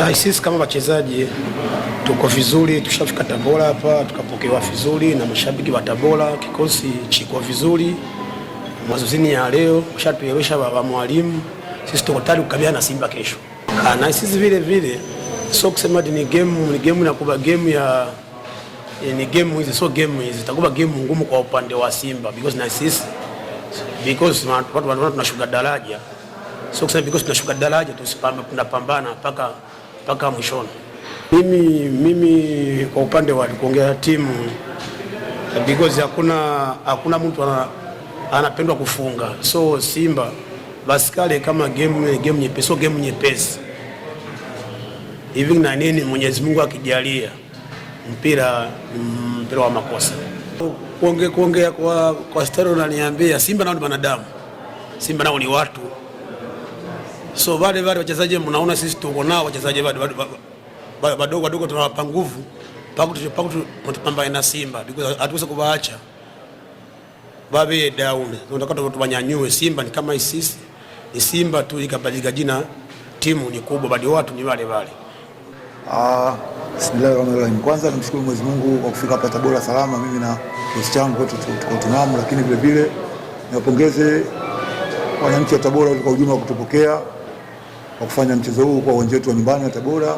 Ah, sisi kama wachezaji tuko vizuri, tushafika Tabora hapa tukapokewa vizuri na mashabiki wa Tabora. Kikosi chiko vizuri, mazuzini ya leo shatuelewesha baba mwalimu, sisi tuko tayari kukabiliana na Simba kesho. Ah, na sisi vile vile sio kusema ni game, ni game na kuba game ya ni game hizi, sio game hizi, takuba game ngumu kwa upande wa Simba because na sisi because tunashuka daraja sio kusema vikosi tunashuka daraja tunapambana mpaka mpaka mwishoni. Mimi, mimi kwa upande wa kuongea timu because hakuna hakuna mtu ana, anapendwa kufunga so Simba basikale kama game game nyepesi, so game nyepesi hivi na nini. Mwenyezi Mungu akijalia mpira mpira wa makosa kuongea kuongea kwa, kwa stari unaniambia Simba nao ni wanadamu, Simba nao ni watu So wale wale wachezaji mnaona sisi tuko nao wachezaji wale wadogo wadogo tunawapa nguvu pakutupambane na Simba, because hatuwezi kuwaacha babe down. Tunataka tuwanyanyue. Simba ni kama sisi, ni Simba tu ikabadilika jina, timu ni kubwa, bado watu ni wale wale. Ah, bismillahirrahmanirrahim. Kwanza nimshukuru Mwenyezi Mungu kwa kufika hapa Tabora salama, mimi na kikosi changu tuko tunamu, lakini vile vile niwapongeze wananchi wa Tabora kwa ujumla kutupokea kwa kufanya mchezo huu kwa uwanja wetu wa nyumbani wa Tabora.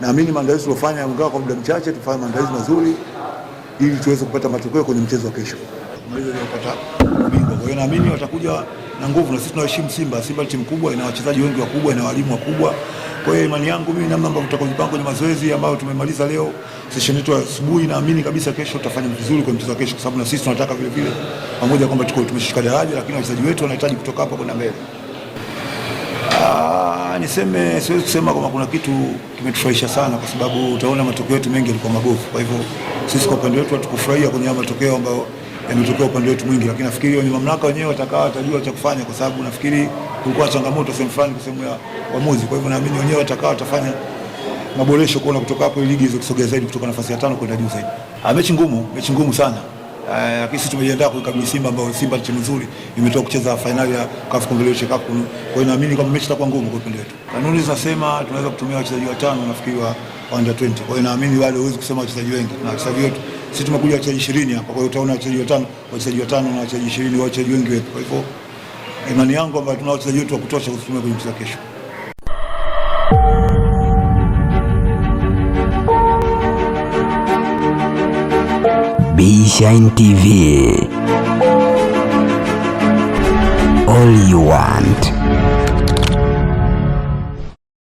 Naamini maandalizi tuliofanya mgawa kwa muda mchache, tufanye maandalizi mazuri ili tuweze kupata matokeo kwenye mchezo wa kesho. Kwa hiyo naamini watakuja na nguvu, na sisi tunaheshimu Simba. Simba ni timu kubwa, ina wachezaji wengi wakubwa, ina walimu wakubwa. Kwa hiyo imani yangu mimi, namna ambavyo tutakojipanga kwenye mazoezi ambayo tumemaliza leo session yetu asubuhi, naamini kabisa kesho tutafanya vizuri kwenye mchezo wa kesho, kwa sababu na sisi tunataka vile vile, pamoja kwamba tuko tumeshika daraja, lakini wachezaji wetu wanahitaji kutoka hapa kwenda mbele niseme, siwezi kusema kama kuna kitu kimetufurahisha sana, kwa sababu utaona matokeo yetu mengi yalikuwa magofu. Kwa hivyo sisi kwa upande wetu hatukufurahia kwenye matokeo ambayo yametokea upande wetu mwingi, lakini nafikiri wenye mamlaka wenyewe watakaa, watajua cha kufanya, kwa sababu nafikiri kulikuwa changamoto sehemu fulani, sehemu ya uamuzi. Kwa hivyo naamini wenyewe watakaa, watafanya maboresho kuona kutoka hapo ligi iweze kusogea zaidi kutoka nafasi ya tano kwenda juu zaidi. Ah, mechi ngumu, mechi ngumu sana. Eh, lakini sisi tumejiandaa kwa kuikabili Simba ambao Simba ni timu nzuri imetoka kucheza fainali ya CAF Confederation Cup. Kwa hiyo naamini kwamba mechi itakuwa ngumu kwa upande wetu. Kanuni zinasema tunaweza kutumia wachezaji watano nafikiri wa under 20. Kwa hiyo naamini wale huwezi kusema wachezaji wengi na wachezaji wetu sisi tumekuja wachezaji 20 hapa. Kwa hiyo utaona wachezaji watano, wachezaji watano na wachezaji 20 wachezaji wengi wetu. Kwa hivyo imani yangu kwamba tuna wachezaji wetu wa kutosha kutumia kwenye mchezo kesho. Bishine TV. All you want.